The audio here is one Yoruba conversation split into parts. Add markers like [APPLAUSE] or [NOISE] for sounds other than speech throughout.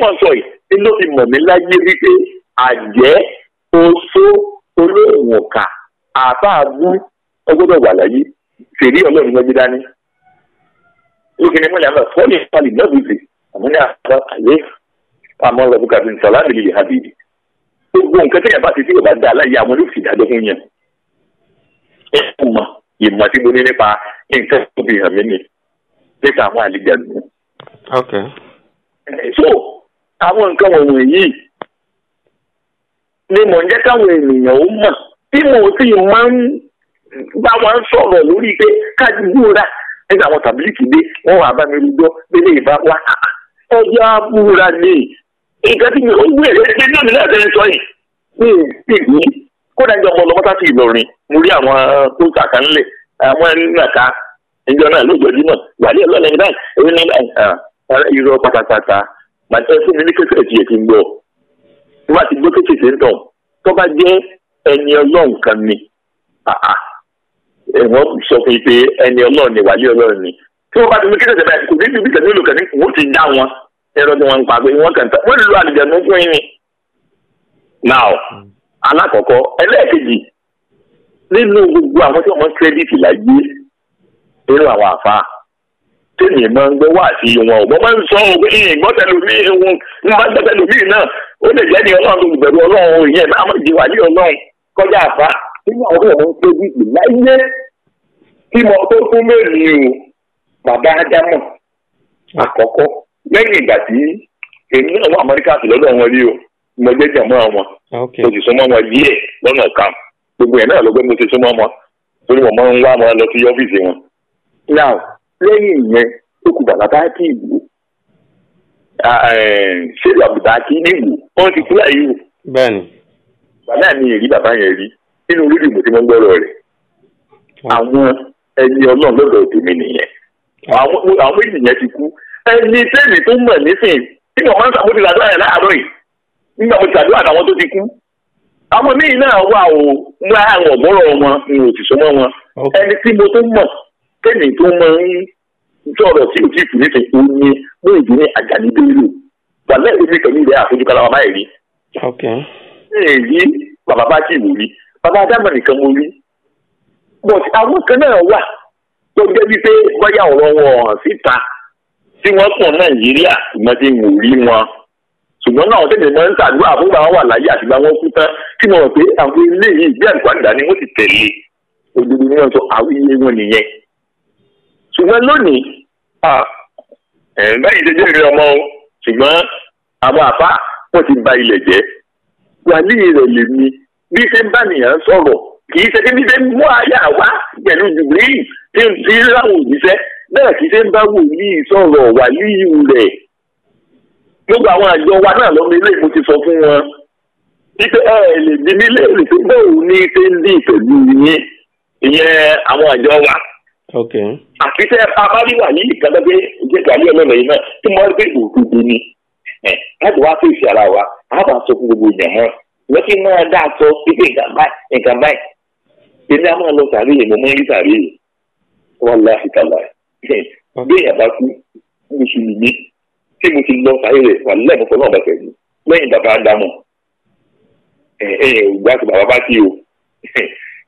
mò ń sọ yìí ló fi mọ̀ mí láyé wípé àjẹ́ oṣó olóògùn ọ̀kà àbáàbú ọgbọ́dọ̀ wà láyé fèrè ọlọ́run lọ́jọ́ dání. lókè ní mọ́lẹ̀ àbá fọ́ọ̀lì ìpalì náà bìbì àmúni àbá àyè àmọ́ rẹ̀ bùkà fi sọ̀rọ̀ àbìlì yìí àbìlì. gbogbo nǹkan tẹ̀yà bá ti tí yorùbá dá aláyé àwọn olùsìdájọ́ fún yẹn. ẹ kò mọ ìmọ̀ tí mo ní nípa nǹkan tó fi hàn mí ni nípa àwọn àlejò àgbẹ̀. so àwọn nǹkan wọ̀nyí yìí ni mò ń jẹ́ káwọn ènìyàn ó mọ̀ tí mo sì máa ń bá wọn sọ̀rọ̀ lórí pé káàdì búra nígbà àwọn tàbílìkì dé wọn wà bá mi rúgbọ́ délé ìbá wa ọjọ́ búra ni nǹkan tí mi ò gbé ẹ̀rẹ́ ẹgbẹ́ náà mi láti sọ yìí mi ò kódà ń jọ ọmọ ọlọ́mọ sáfì Ìlọrin mo rí àwọn tó ń kàkà ńlẹ̀ àwọn ẹni ìjọ náà lójoojúmọ́ wàlẹ́ ọlọ́lẹ́ni báyìí ìrọ̀ pátápátá màá ẹ fún mi ní kékeré tí yẹ kí n gbọ́ tí wàá ti gbọ́ kékeré ń tàn tó bá jẹ́ ẹni ọlọ́run kan ni wọ́n sọ fún yìí pé ẹni ọlọ́run ni wàlẹ́ ọlọ́run ni tí wọ́n bá ti mú kékeré báyìí kò ní ibi kan nílò kan ní wọ́n ti dá wọn ẹ̀rọ tí wọ́n ń pa pé wọ́n kàn tán wọ́n lu àlùjànnú fún yín ni. now alákọ̀ọ́kọ́ ẹlẹ́ẹ̀kejì nínú gbogbo àwọn tí wọ́n kírẹ́dìtì láyé nínú àwọn àfáà tèmi máa ń gbọ́ wá sí wọn ò máa ń sọ òwe ìgbọ́tẹ̀lú mi ìhun ń bá gbẹ́tẹ̀lú mi náà ó lè jẹ́ ní ọlọ́run tó ọlọ́run ìyẹn náà máa jìwà ní ọlọ́run kọjá àfa nínú àwọn ọmọ ń pé bíbí láyé tí mo tó fún mẹ́rin o bàbá ádámọ̀ àkọ́kọ́ lẹ́yìn ìgbà tí èmi náà wà amẹ́ríkà sí lọ́dọ̀ wọn rí o mo jẹ́ jẹ̀mọ́ wọn mo sì súnmọ́ wọn wọn lẹ́yìn ìyẹn tó kù bàbá kí ìlú ṣé bàbá kí ìlú wọ́n ti kú láyé o. bẹ́ẹ̀ni. bàbá mi rí bàbá yẹn rí nínú orí ìbò tí mo ń gbọ́rọ̀ rẹ̀ àwọn ẹni ọlọ́run lọ́dọ̀ tèmi nìyẹn àwọn méjì yẹn ti kú ẹni sẹ́ni tó mọ̀ nísìn tí wọ́n máa ń sàmójú àdúrà yẹn láàárọ̀ yìí nígbà mo ti àdúrà àtàwọn tó ti kú àwọn míì náà wà ó ń àwọn ọ̀gbọ́rọ̀ wọn n ò sì so mọ́ wọn ẹni tí mo tó mọ̀ kẹ́mi tó máa ń sọ̀rọ̀ sí òtí ìfìlẹ̀ fẹ̀ ó ní mú ìdí ní àjàní bẹ́ẹ̀lù wàlẹ́ èmi kẹ́mi ilẹ̀ àfojúkala bàbá yìí rí. èyí bàbá bá ti wò rí bàbá adámà nìkan mo rí but àwọn kan náà wà tó jẹ́ wípé bóyá ọ̀rọ̀ wọn hàn síta tí wọ́n pọ̀ nàìjíríà ìmọ̀dé wò rí wọn ṣùgbọ́n náà tẹ̀lé máa ń ṣàdúrà fún bàbá wà láyé àtìgbà wọn kú tán kí wọ́n rò pé àwọn ilé yìí bí àgbàdà ni wọ́n ti tẹ̀lé òdodo ni wọ́n sọ àwíyé wọn nìyẹn ṣùgbọ́n lónìí báyìí ṣe jẹ́rìí ọmọ o ṣùgbọ́n àwọn àbá wọn ti ba ilẹ̀ jẹ́ wàlí rẹ̀ lè mi bí ṣe ń bá nìyàn sọ̀rọ̀ kì í ṣe kí bí ṣe ń mú àyà wá pẹ̀lú jùbìrì tí ń fi láwọn òjíṣẹ́ bẹ́ẹ̀ kì í ṣe ń bá wòlíì sọ̀rọ̀ wàlí rẹ̀ gbogbo àwọn àjọ wa náà lọ́mọ ilé ìfún ti sọ fún wọn wípé ẹ lè di nílé ìrìnsẹ̀ bẹ́ẹ̀ ò ní ṣe ń dín ìtẹ̀jú yín ìyẹn àwọn àjọ wa àti tẹ abáríwá yìí nìkan lọ́gbẹ́ ìjẹ́gbẹ́ alẹ́ ọlọ́lọ́ yìí náà tí mo rí pé òdodo ni láti wá sí ara wa a bá sọ fún gbogbo èèyàn hàn lọ́kì náà dáa sọ pípé nǹkan báyìí nǹkan báyìí èmi á máa lọ sàárè yìí mo máa ń rí sàárè yìí wọ́n lọ àfikà lọ bí èèyàn bá kú mo sì lù mí tí mo ti lọ sàárè rẹ̀ wà lẹ́ẹ̀mú fọlọ́ ọ̀bẹ pẹ̀lú lẹ́yìn bàbá dámọ̀ ẹ̀ẹ́n ò gbà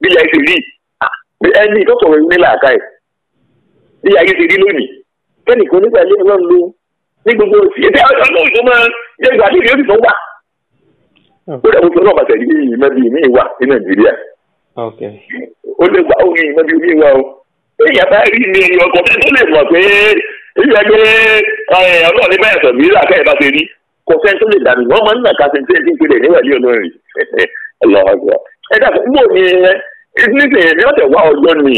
bí ayé ti rí ẹni tó sọ̀rọ̀ ní làákà ẹ̀ bí ayé ti rí lónìí kẹ́nìkan nígbà ilé ọlọ́run ló ní gbogbo ìṣẹ́ ọlọ́run tó máa jẹ́ ìgbà tí ìrẹsì tó wà hmm. ó dàbí sọ náà bàtà ìdí yìí mẹ́bí mi wà ní nàìjíríà ó lè gbà ó yìí mẹ́bí mi wà o èyí àbá rí mi ọkọ̀ bẹ́ẹ̀ tó lè mọ̀ pé èyí àgbẹ̀ ọlọ́run ní bẹ́ẹ̀ sọ̀rọ̀ nílà káyọ̀ bá ṣe rí kọ̀ọ̀fẹ́ tó lè dàbí wọ́n máa ń nà kásìntì [LAUGHS] ẹ dàbí gbò ní nísìnyí ní ọ̀sẹ̀ wá ọjọ́ ni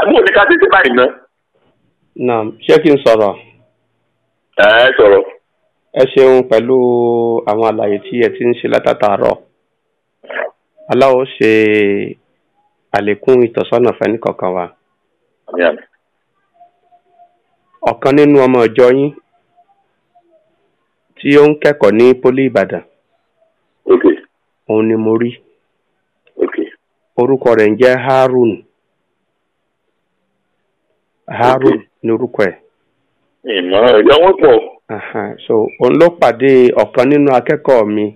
àbúrò ní ká tètè báyìí ná. naam ṣé kí n sọ̀rọ̀. ẹ sọ̀rọ̀. ẹ ṣeun pẹ̀lú àwọn àlàyé tí ẹ ti ń ṣe látàtàárọ̀ aláwo ṣe àlékún ìtọ́sọ́nà fẹ́ni kọ̀ọ̀kan wa. ọ̀kan nínú ọmọ ìjọ yín tí ó ń kẹ́kọ̀ọ́ ní poli Ìbàdàn òun ni mo rí. Okay orúkọ rẹ̀ ń jẹ́ harun harun ní orúkọ ẹ̀. ìmọ̀ ẹ̀yà wọn pọ̀. so òun ló pàdé ọ̀kan nínú akẹ́kọ̀ọ́ mi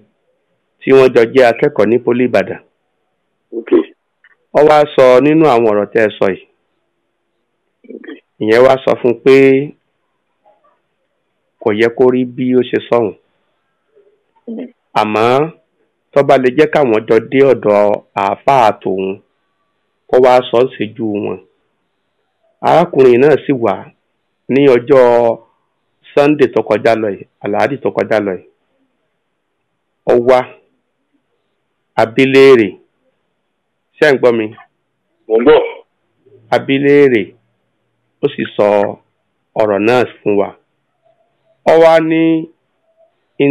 tí wọ́n jọ jẹ́ akẹ́kọ̀ọ́ ní poli ìbàdàn. Ọ wá sọ nínú àwọn ọ̀rọ̀ tẹ́ ẹ sọ yìí ìyẹn wá sọ fún un pé kò yẹ kó rí bí ó ṣe sọ̀hún mm-hmm. àmọ́. tọ́ba lè jẹ́ káwọn jọ dé ọ̀dọ̀ àáfàá tòun kó wá sọ ṣẹ́jú wọn arákùnrin náà sì wà ní ọjọ́ Sunday tó kọjá lọ yìí aláàdì tó kọjá lọ yìí ó wá abiléèrè ṣé ń gbọ́ mi. mo ń bọ̀. abiléèrè ó sì sọ ọ̀rọ̀ náà fún wa ó wá ní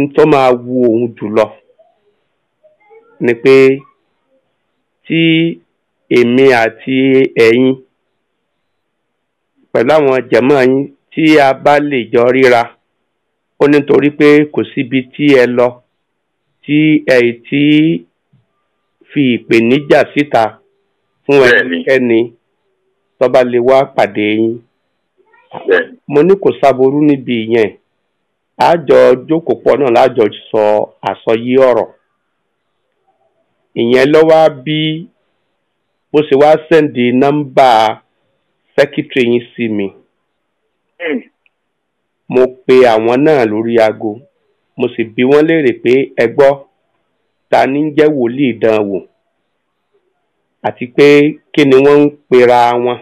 n tó máa wu òun jùlọ. ni pé tí èmi àti ẹ̀yin pẹ̀lú àwọn jẹ̀mọ́ yín tí a bá lè jọ ríra ó nítorí pé kò síbi tí ẹ lọ tí ẹ ti fi ìpèníjà síta fún ẹnikẹ́ni tó bá lè wá pàdé yín mo ní kò sáboru níbi ìyẹn àjọ jókòó pọ̀ náà lájọ sọ àsọyé ọ̀rọ̀ ìyẹn ló wá bí bó ṣe wá sẹ́ǹdì nọ́mbà sẹ́kítírì yín sí mi mo pe àwọn náà lórí aago mo sì bi wọ́n léèrè pé ẹ gbọ́ ta ní jẹ́ wòlíì ìdánwò àti pé kí ni wọ́n ń pera wọn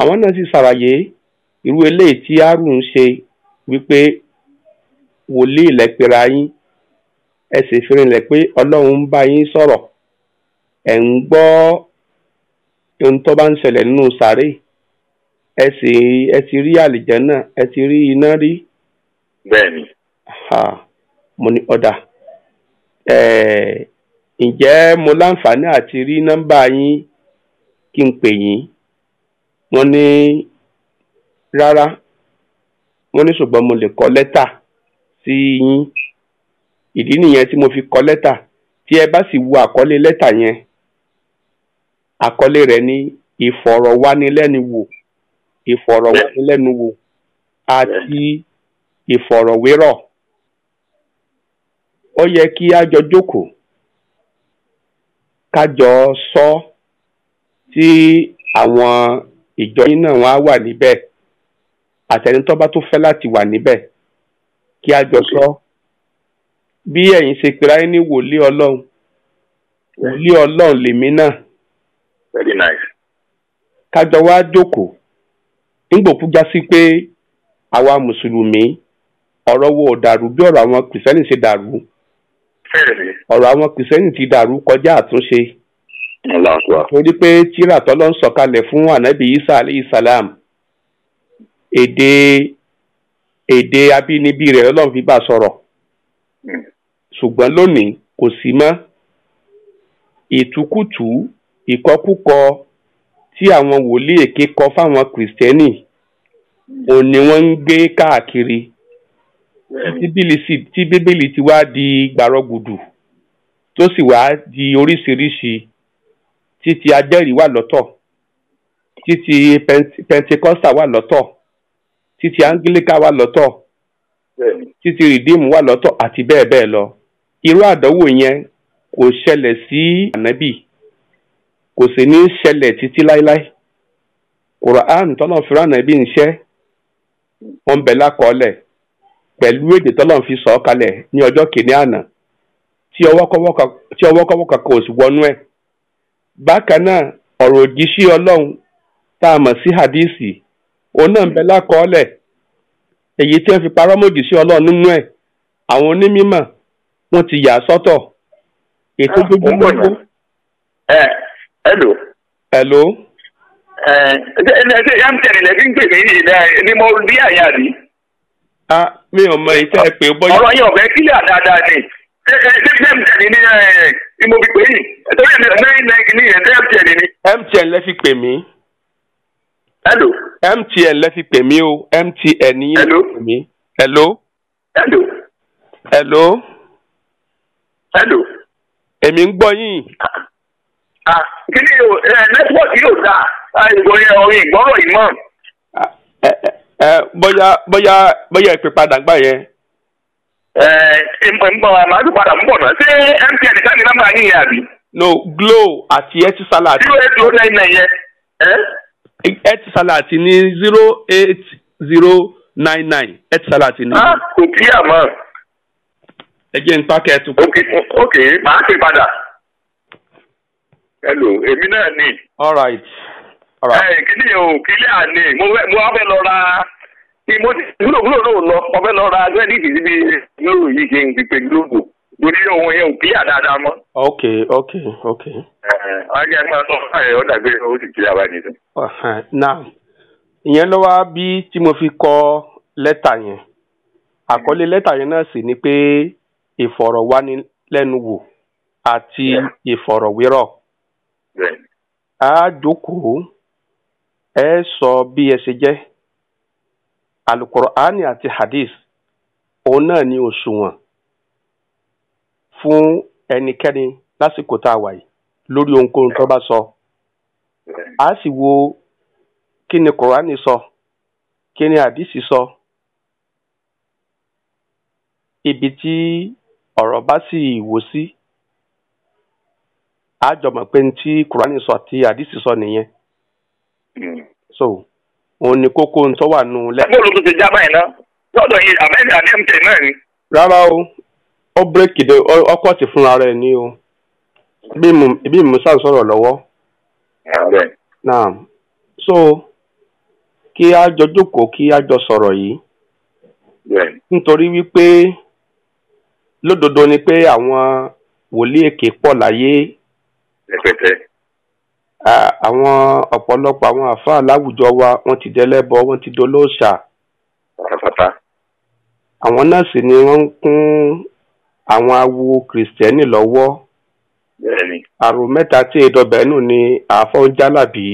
àwọn náà sì ṣàlàyé irú eléyìí tí arun ń ṣe wípé wòlíì lẹ pera ẹ sì fi rinlẹ̀ pé ọlọ́run ń bá yín sọ̀rọ̀ ẹ̀ ń gbọ́ ohun tó bá ń ṣẹlẹ̀ nínú sàárè ẹ sì ẹ ti rí àlìjẹ́nà ẹ ti rí iná rí. bẹ́ẹ̀ni. mo ní ọ̀dà ǹjẹ́ mo láǹfààní àti rí nọ́mbà yín kí n pè yín wọ́n ní rárá wọ́n ní ṣùgbọ́n mo lè kọ́ lẹ́tà sí yín. ìdí nìyẹn tí mo fi kọ lẹ́tà tí ẹ bá sì wo àkọlé lẹ́tà yẹn àkọlé rẹ̀ ní ìfọ̀rọ̀wánilẹ́nuwò ìfọ̀rọ̀wánilẹ́nuwò àti ìfọ̀rọ̀wérọ̀ ó yẹ kí a jọ jókòó ká jọ sọ tí àwọn ìjọ yín náà wọn á wà níbẹ̀ àtẹnitọ́ bá tún fẹ́ láti wà níbẹ̀ kí a jọ sọ. Okay. bí ẹ̀yin ṣe pera yín ní wòlíì ọlọ́run wòlíì ọlọ́run lèmi náà. very nice. kájọ wá jókòó já sí pé àwa mùsùlùmí ọ̀rọ̀ wo bí ọ̀rọ̀ àwọn kìrìsìtẹ́nì ṣe dàrú ọ̀rọ̀ àwọn kìrìsìtẹ́nì ti dàrú kọjá àtúnṣe torí pé ń sọ̀kalẹ̀ fún isa aleyhi salam èdè èdè abínibí rẹ̀ fi bá sọ̀rọ̀ hmm. ṣùgbọ́n lónìí kò sí mọ́ ìtukùtù ìkọkúkọ tí àwọn wòlíì èké kọ fáwọn kìrìsìtẹ́nì òun ni wọ́n ń gbé káàkiri tí bíbélì ti wá di gbàrọgùdù tó sì wá di oríṣiríṣi títí ajẹ́rìí wà lọ́tọ̀ títí pentecostal wà lọ́tọ̀ títí anglican wà lọ́tọ̀ títí redeem wà lọ́tọ̀ àti bẹ́ẹ̀ bẹ́ẹ̀ lọ. irú àdánwò yẹn kò ṣẹlẹ̀ sí ànábì kò sì ní ṣẹlẹ̀ títí láéláé quran tọ́lọ̀ fi rán ànábì wọn bẹ̀ lákọọ́lẹ̀ pẹ̀lú èdè tọ́lọ̀ fi sọ ọ́ kalẹ̀ ní ọjọ́ kìíní àná tí kankan ò sì wọnú ẹ̀ bákan náà ọ̀rọ̀ òjíṣẹ́ ọlọ́run tá a mọ̀ sí hadísì òun náà ń bẹ lákọọ́lẹ̀ èyí tí wọ́n fi òjíṣẹ́ wọ́n ti yà sọ́tọ̀ ètò ah, gbogbo. ẹ ẹ lò. ẹ lò. ẹ ẹ ṣe yamtẹ nílẹ kí n pè mí yìí ni mo rí àyà rí. a mi ò mọ ìtẹ́ ẹ pé bọ́yá. ọ̀rọ̀ yẹn ọ̀fẹ́ kílẹ̀ dáadáa ni ṣé ṣé mtn ni eh, ni mo fi pè yìí ẹ̀tọ́ yẹn ní náírà ní ẹ̀tọ́ mtn ni. mtn lẹ fi pè mí. ẹ lò. mtn lẹ fi pè mí o mtn yín lẹ fi pè mí. ẹ lò. ẹ lò. ẹ lò hello. èmi ń gbọ́ yín. Ah, ah, kí ni nẹ́tíwọ́ọ̀kì yóò dáa ìròyìn ìgbọ́rọ̀ ìmọ̀. bóyá bóyá bóyá ìpè padà gbà yẹn. Eh, ẹ ẹ mbọ màá tún padà ń bọ̀ náà ṣé MTN nìkan ni nọ́mbà yín yẹn àbí. no glo àti Etisalat. zero eight zero nine nine yẹn. Eh? Etisalat ní zero eight zero nine nine Etisalat ní. Ah, kò kí àmọ́ ẹ jẹ́ nípa kẹ́ẹ̀tù. ok màá ṣe padà. hello èmi náà ni. all right. all right. ẹ kíni o kílí àní mo wá fẹ́ lọ ra mo ti gbúdògbúdò náà lọ mo fẹ́ lọ ra kírẹ́dìtì síbi lóru yìí ṣe ń pípé glóògùn torí ohun yẹn ò kílíà dáadáa mọ́. ok ok ok. ọjà máa sọ fún ẹ ọ̀dà pé ó ti kílíà wá nìyẹn. now ìyẹn ló wá bí tí mo fi kọ lẹ́tà yẹn àkọlé lẹ́tà yẹn náà sì ni pé ìfọ̀rọ̀wánilẹ́nuwò àti ìfọ̀rọ̀wérọ̀ á jókòó ẹ sọ bí ẹ ṣe jẹ́ alukur'ani àti hadith òun náà ni òṣùwọ̀n fún ẹnikẹ́ni lásìkò tá a wà yìí lórí ohunkóhun tó bá sọ a sì wo kí ni kur'ani sọ kí ni hadith sọ ibi tí. ọ̀rọ̀ bá sì wò sí a jọ mọ̀ pé tí kùránì sọ àti àdìsí sọ nìyẹn hmm. so òun ni kókó tó wà nù lẹ́yìn. bóòlù tó ti já báyìí ná lọ́dọ̀ yìí àbẹ́ẹ̀dì àdéhùntè náà ni. rárá o ó bírèkì de ọkọ̀ ti fúnra rẹ̀ ní o bí musa sọ̀rọ̀ lọ́wọ́. Ah, naam so kí a jọ jókòó kí a jọ sọ̀rọ̀ yìí nítorí wípé. lódodo ni pé àwọn wòlíì èké pọ̀ láyé rẹpẹtẹ àwọn ọ̀pọ̀lọpọ̀ àwọn àfáà láwùjọ wa wọ́n ti dẹlẹ́bọ wọ́n ti dolóòṣà pátápátá àwọn náà sì ni wọ́n ń kún àwọn awo kìrìsìtẹ́nì lọ́wọ́ àrùn mẹ́ta tí ìdọ̀bẹ̀ nù ni àfọ̀njálàbí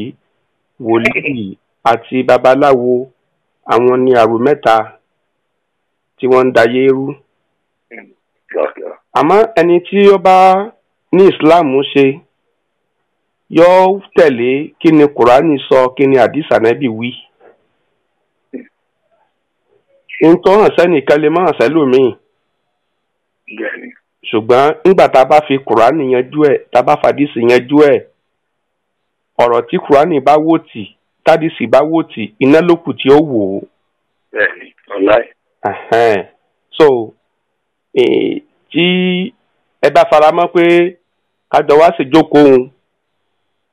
wòlíì àti babaláwo àwọn ni àrùn mẹ́ta tí wọ́n ń dayé rú àmọ́ ẹni tí ó bá ní islam ṣe yóò tẹ̀lé kí ni kùránì sọ kí ni àdìsá nẹ́bì wí ntọ́ hàn sẹ́nìkan lè má hàn sẹ́lòmíì ṣùgbọ́n nígbà tá a bá fi kùránì yanjú ẹ̀ tá a bá fàdísì yanjú ẹ̀ ọ̀rọ̀ tí kùránì bá wò tì tádìsì bá wò tì iná lókù tí ó wò ó. bẹ́ẹ̀ni ọláì. so tí ẹ bá faramọ́ pé kájọ wá sí jókòó òun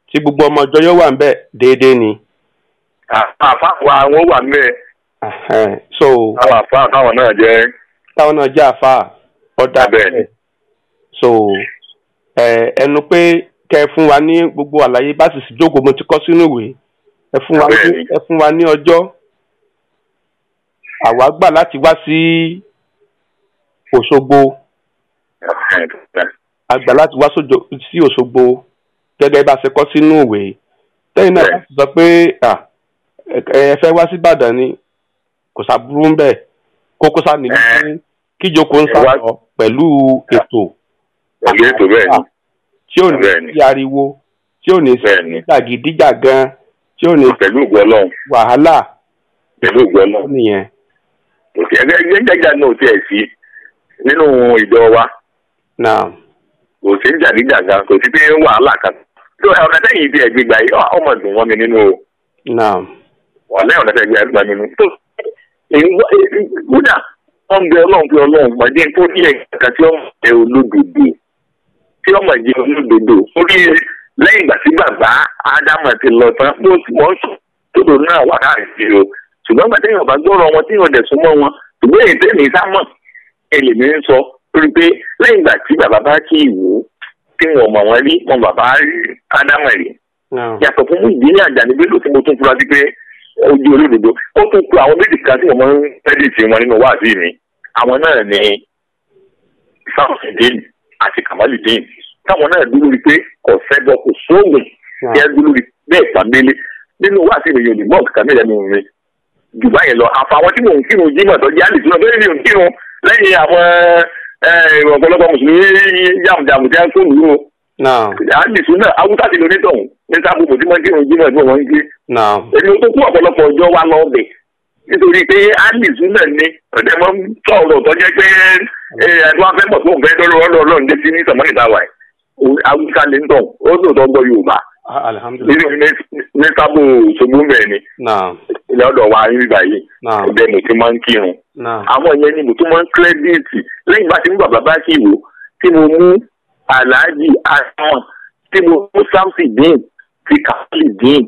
tí gbogbo ọmọ ọjọ́ yóò wà ń bẹ̀ déédéé ni. àfa wa wọn wà nílẹ̀. so àwọn àfa táwọn náà jẹ. táwọn náà jẹ àfa ọ̀dà bẹ́ẹ̀ so ẹnu pé kẹ fún wa ní gbogbo àlàyé bá sì sí jókòó mo ti kọ sínú ìwé ẹ fún wa ní ẹ fún wa ní ọjọ́ àwa gbà láti wá sí. Si, Òṣogbo àgbà láti wá sí Òṣogbo gẹ́gẹ́ bá a ṣe kọ sínú ìwé tẹ́yìn náà láti sọ pé ẹ fẹ́ wá sí Ìbàdàn ni kò sábúrú ń bẹ̀ kókó sá nílùú fún kíjoko ń sàlọ pẹ̀lú ètò pẹ̀lú ètò bẹ́ẹ̀ ni tí ò ní sí ariwo tí ò ní sí jàgídíjàgan tí ò ní sí wàhálà pẹ̀lú ògbọ́n náà nìyẹn. ẹgbẹ́ ìgbẹ́jà náà ò tiẹ̀ sí nínú ìjọ wa. kò sí jàdíjàga kò sí pé wàhálà kan tó ọ̀nà tẹ́yìn ibi ẹ̀gbìn gbà yìí ọmọ ìdùn wọn mi nínú o. ọ̀nà ọ̀nà tẹ́yìn ẹ̀gbìn gbà mí nínú. kódà wọ́n bẹ ọlọ́run pé ọlọ́run mọ̀jẹ́ tó ní ẹ̀ka tí ọmọ jẹ́ olódodo tí ọmọ jẹ́ olódodo orí lẹ́yìn ìgbà tí bàbá ádámù ti lọ tán bó wọ́n sùn tódò náà wà káàkiri o ṣùgbọ́n gbàtẹ́yìn ọ̀bá gbọ́rọ̀ wọn tí yóò dẹ̀ súnmọ́ wọn ṣùgbọ́n èyí tẹ́lẹ̀ sá mọ̀ ẹlẹ́mí ń sọ torí pé lẹ́yìn ìgbà tí bàbá bá kí ìwò tí wọn mọ̀ wọ́n rí wọn bàbá ádámù rí yàtọ̀ fún ìdílé àjàní bí lóòótọ́ mo tún fura sí pé ojú olódodo ó tún pe àwọn méjì kan tí wọn máa ń tẹ́lẹ̀ sí wọn nínú wáàsí mi àwọn náà ni sáfìdín àti kàmálìdín táwọn náà dúró rí pé kò sẹ́gbọ́ kò sóògùn kí ẹ dúró rí bẹ́ẹ̀ pàmílẹ́ nínú wáàsí mi yóò lè mọ̀ kàmílẹ́ mi jù báyìí lọ àfàwọn tí mò ń kírun jímọ̀ tó jẹ́ àlè lẹ́yìn àwọn ọ̀pọ̀lọpọ̀ mùsùlùmí yàmùjàmù tí a ń tó lù ú àdìsú náà awúsá ti lóní tọ̀hún ní sábò kò tí wọ́n ń kírun jímọ̀ tí wọ́n ń gbé. èmi tó kú ọ̀pọ̀lọpọ̀ ọjọ́ wa lọ bẹ̀ nítorí pé àdìsú náà ni ọ̀dẹ́ mọ́ sọ̀rọ̀ tó jẹ́ pé ẹ̀dùn afẹ́mọ̀ tó ń fẹ́ dọ́rọ̀ ọlọ́ọ̀lọ́ọ̀ ah, ní ní sọ̀mọ́nì táwa ẹ̀ awúsá ni tọ̀ ó lóòótọ́ gbọ́ Yorùbá ní sábò ṣogbó mẹ́rin lọ́dọ̀ wa ní ìgbà yìí ẹgbẹ́ mo ti máa ń kírun àwọn yẹn ni mo tún máa ń kírẹ́díìtì lẹ́yìn bá ti ń bàbá bá kí ìwò tí mo mú aláàjì àtàn tí mo mú samson dín ti kàfíì dín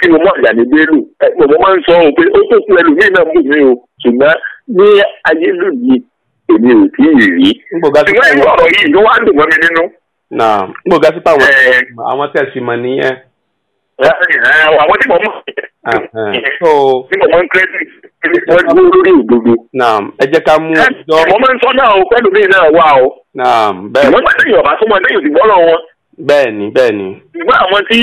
tí mo mú àjàní bẹ́lù mo máa ń sọ ohun pé ó tó kú ẹlòmíì náà mú mi o ṣùgbọ́n ní ayélujára èmi ò tí ì rí ṣùgbọ́n ìwọ ọ̀rọ̀ yìí ló wá dùn mọ́ mi nínú. n kò gá sí pàwọn àwọn tẹ̀sí mọ̀ nìyẹn àwọn tí mo mọ̀ so tí mo mọ̀ ń kírẹ́tì wọ́n dúró lórí òdodo. naam ẹ jẹ́ ká mú ọjọ́. mo máa ń sọ náà o pẹ́lú mi náà wà o. naam bẹ́ẹ̀ ni. ìwọ́n bá tẹ̀yìn ọ̀bá súnmọ́ lẹ́yìn òdìbò ọ̀rọ̀ wọn. bẹ́ẹ̀ ni bẹ́ẹ̀ ni. ìgbà àwọn tí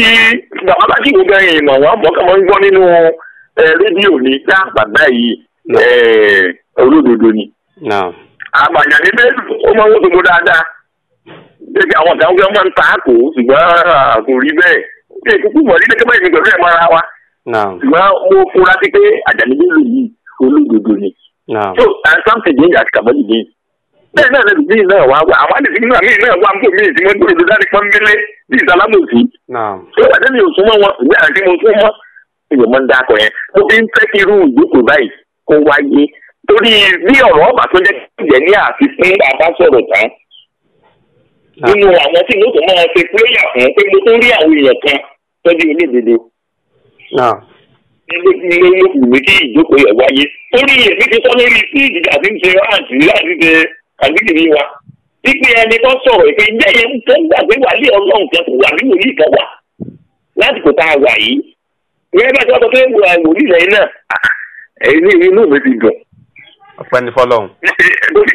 bàbá bá kí gbogbo ẹ̀yìn ìmọ̀ wọn mọ̀ kàn máa ń gbọ́ nínú rédíò ní dá bàbá yìí olódodo ni. àgbàyàn ní bẹ́ẹ̀ ó máa ń wọ́n tó mú dáadáa. àwọn ìdáwọ́ ìkúkú mọ̀ nílé kẹ́mọ́ ìrìn pẹ̀lú ẹ̀mọ́ra wa ṣùgbọ́n mo fura sí pé àjàmídé lò yìí olódodo ni so and something dey as kàmọ́lì dé bẹ́ẹ̀ náà lẹ́nu bíi náà wá wá àwọn àdìsí nínú àmì náà wá ń bò míì tí wọ́n dúró dúró láti pọ́nbélé bíi ìsàlámòsì so àti mi ò súnmọ́ wọn ìwé àti mo súnmọ́ ìwé mọ́ ń dákọ̀ yẹn mo fi ń fẹ́ kí irú ìjókòó báyìí kó wáyé torí bí ọ̀rọ̀ ọ̀bà tó jẹ́ ìjẹ́ ní àfikún àbásọ̀rọ̀ tán nínú àwọn tí mo tún máa ṣe pléyà fún pé mo tún rí àwọn èèyàn kan sọ́dí olódodo. ilé ilé ìwé kí ìjókòó yẹ̀ wáyé torí èmi ti sọ lórí sí ìdìjà tí ń ṣe ráǹtì láti ṣe kàdíkìrì wa pípín ẹni tó sọ̀rọ̀ ìpè ǹjẹ́ yẹn ń gbàgbé wà lé ọlọ́run kẹ́kọ̀ọ́ wà nínú yìí kan wà láti kò tá a wà yìí ìyẹn bá ti wá sọ pé wà wòlíì lẹ́yìn náà ẹni ah, inú mi ti dùn. ọpẹ́ ní fọ́lọ́run. lórí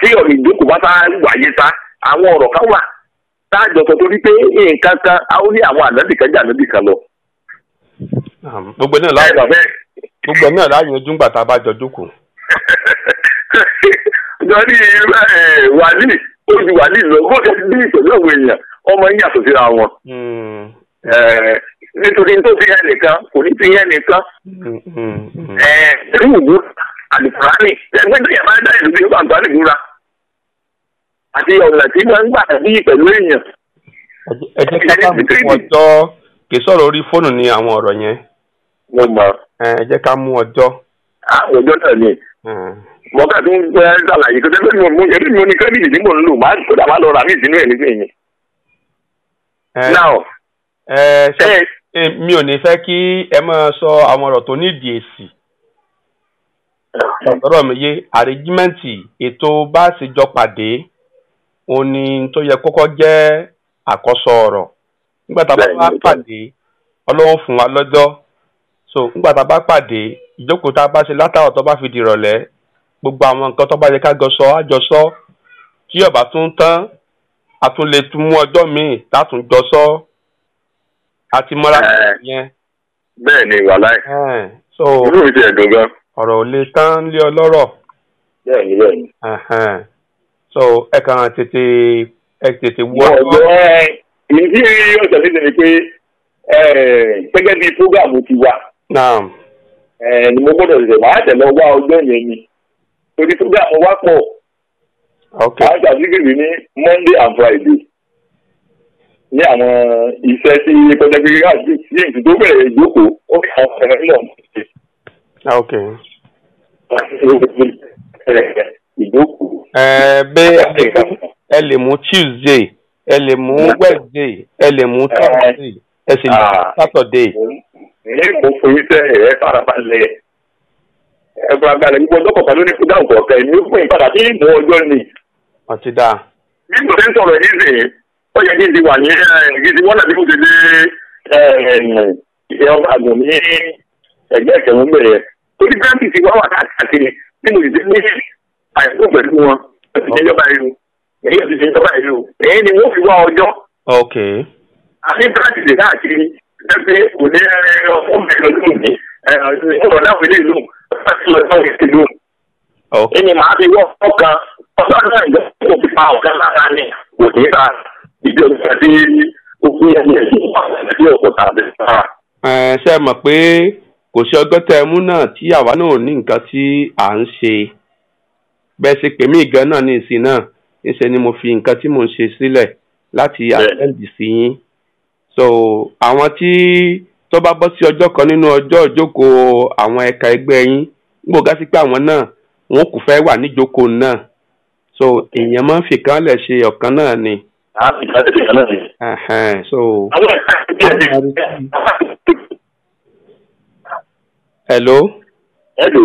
tí ọ̀rọ̀ ìjókòó bá tá wáyé ta àwọn ọ̀rọ̀ kan wà táàjọ sọ torí pé eh, nǹkan kan ní àwọn ànábì kan jà lọ. Ah, gbogbo náà láàyò gbogbo náà láàyò ojú ńgbà tá a bá jọ jókòó. [LAUGHS] jọ́ni eh, wàlíì ó ju wàlíì lọ bí èèyàn ọmọ yín yàtọ̀ síra wọn. Hmm. Eh, nítorí kò ní fi nìkan. Hmm, hmm, àti ọ̀nà tí wọ́n ń gbà bí pẹ̀lú èèyàn. ẹ jẹ́ ká mú ọjọ́ kì í sọ̀rọ̀ orí fóònù ni àwọn ọ̀rọ̀ yẹn. mo mọ̀. ẹ jẹ́ ká mú ọjọ́. ọjọ́ náà ni mo kà tún fẹ́ ṣàlàyé pé tẹ́lẹ̀ mi ò mú ẹbí mi ò ní kírẹ́dìtì tí mò ń lò máa tó dàbá lọ rà mí ìdínú ẹ̀ nísìnyí yẹn. now. ẹ ṣe mi ò ní fẹ́ kí ẹ máa sọ àwọn ọ̀rọ̀ tó nídìí èsì ọ̀rọ̀ mi yé àrígímẹ́ǹtì ètò bá ṣe pàdé oni ni tó yẹ kókó jẹ́ àkọ́sọ ọ̀rọ̀ nígbà tá a bá wá pàdé ọlọ́run fún wa so nígbà bá pàdé ìjókòó tá a bá ṣe gbogbo àwọn nǹkan tó bá yẹ ká jọ sọ á jọ sọ tí ó bá tún tán a tún lè tún mú ọjọ́ míì látún jọ sọ mọ́ra so ọ̀rọ̀ ò lè tán lé ọlọ́rọ̀. bẹ́ẹ̀ ni so ẹ kàn tètè ẹ tètè wọ. ọ̀rọ̀ mi bí ọ̀sẹ̀ ti tẹ̀lé pé gẹ́gẹ́ bí fúgàmù ti wà ni mo gbọ́dọ̀ ṣe máa tẹ̀lé wá ọjọ́ yẹn ni torí fúgàmù wá pọ̀ máa ṣàtìkìrì ní Monday and Friday ní àwọn iṣẹ́ tí pẹ́tẹ́pẹ́tẹ́ káàkiri sí èsì tó bẹ̀rẹ̀ ìjókòó ó fi àwọn ọ̀rẹ́ náà ṣe ìjókòó. bẹ́ẹ̀ ẹ lè mú tuesday ẹ lè mú wednesday ẹ lè mú thursday ẹ sì lè mú saturday. èyí kò fún yín sẹ́ ẹ farabalẹ̀ ẹ farabalẹ̀ gbogbo ọjọ́ kọ̀ọ̀kan ló ní kó dáhùn kọ̀ọ̀kan ẹ̀mí ó fún ìpadà sí ìmọ̀ ọjọ́ ni. àti dá. bí mo ti ń sọ̀rọ̀ yìí sè ó yẹ kí n ti wà ní gidi wọ́n náà ti kó ti dé ọba àgùn ní ẹgbẹ́ ìkẹ̀wọ̀n bẹ̀rẹ̀ torí bẹ́ẹ̀ ti ti wá wà káàkiri bí mo àyẹ̀kú pẹ̀lú wọn ó ti jẹ́jọ́ báyìí o èyí ò ti jẹ́jọ́ báyìí o èyí ni wọ́n fi wá ọjọ́. ok. àní practice káàkiri pẹ́pẹ́ kò ní ọkọ mi lọ́dún mi ọ̀rọ̀ náà fi lè lù láti lọ sọ́ọ̀ ok. èyí màá fi wọ́ ọkàn ọ̀sán náà ìjọ kò fi pa ọ̀gá lára ní kò ní ìjọ ìgbàdé ogún ẹni ẹ̀sìn àti ọ̀pọ̀ tàbí sára. ṣé ẹ mọ̀ pé kò sí ọgbẹ́ bẹ́ẹ̀ ṣe pèmí ìgan náà ní ìsìn náà níṣẹ́ ni mo fi nǹkan tí mò ń ṣe sílẹ̀ láti àtẹ́ǹdì sí yín so àwọn tí tó bá bọ́ sí ọjọ́ kan nínú ọjọ́ ìjókòó àwọn ẹ̀ka ẹgbẹ́ yín nígbò gá sí pé àwọn náà wọn kò fẹ́ wà níjókòó náà so èèyàn máa ń fìkan lẹ̀ ṣe ọ̀kan náà ni. so. hello. hello.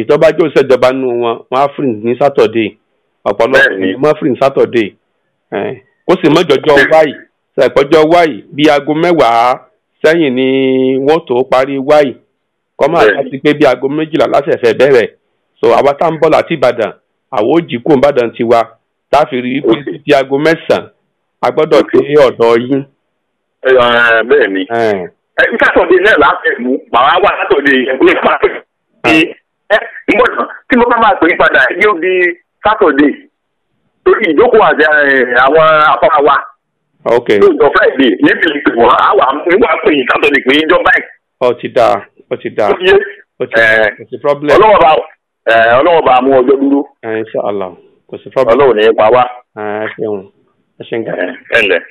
ìtọ́ba jẹ́ òṣìṣẹ́ ìjọba nínú wọn wọn á free ní sátọ̀dé ọ̀pọ̀lọpọ̀ ni wọ́n free ní sátọ̀dé kó sì mọ́ jọjọ́ wáyì ṣàpẹ́jọ́ wáyì bíi aago mẹ́wàá sẹ́yìn ni wọ́n tó parí wáyì kọ́mọ àti pé bíi aago méjìlá lásẹ̀fẹ̀ bẹ̀rẹ̀ so àwa tá ń bọ̀ láti Ìbàdàn àwọn òjì kú Ìbàdàn ti tá a fi rí i pé bíi aago mẹ́sàn-án a gbọ́dọ̀ dé ọ̀dọ̀ yín. bẹ́ẹ̀ ni sátọ̀dé náà láti mú màá wá sátọ̀dé ìgbésẹ̀ Eh, ìgbọ́dọ̀ tí mo bá máa pè é padà di torí ìjókòó àti eh, àwọn afárá wa. ok ní wọn pé ìjọ báyìí. ti ti ti eh, problem. ọlọ́wọ́ bá ọlọ́wọ́ bá mú ọjọ́ dúró. kò sí problem. ọlọ́wọ́ ipa ẹ ṣeun ẹ ẹ ẹ lẹ.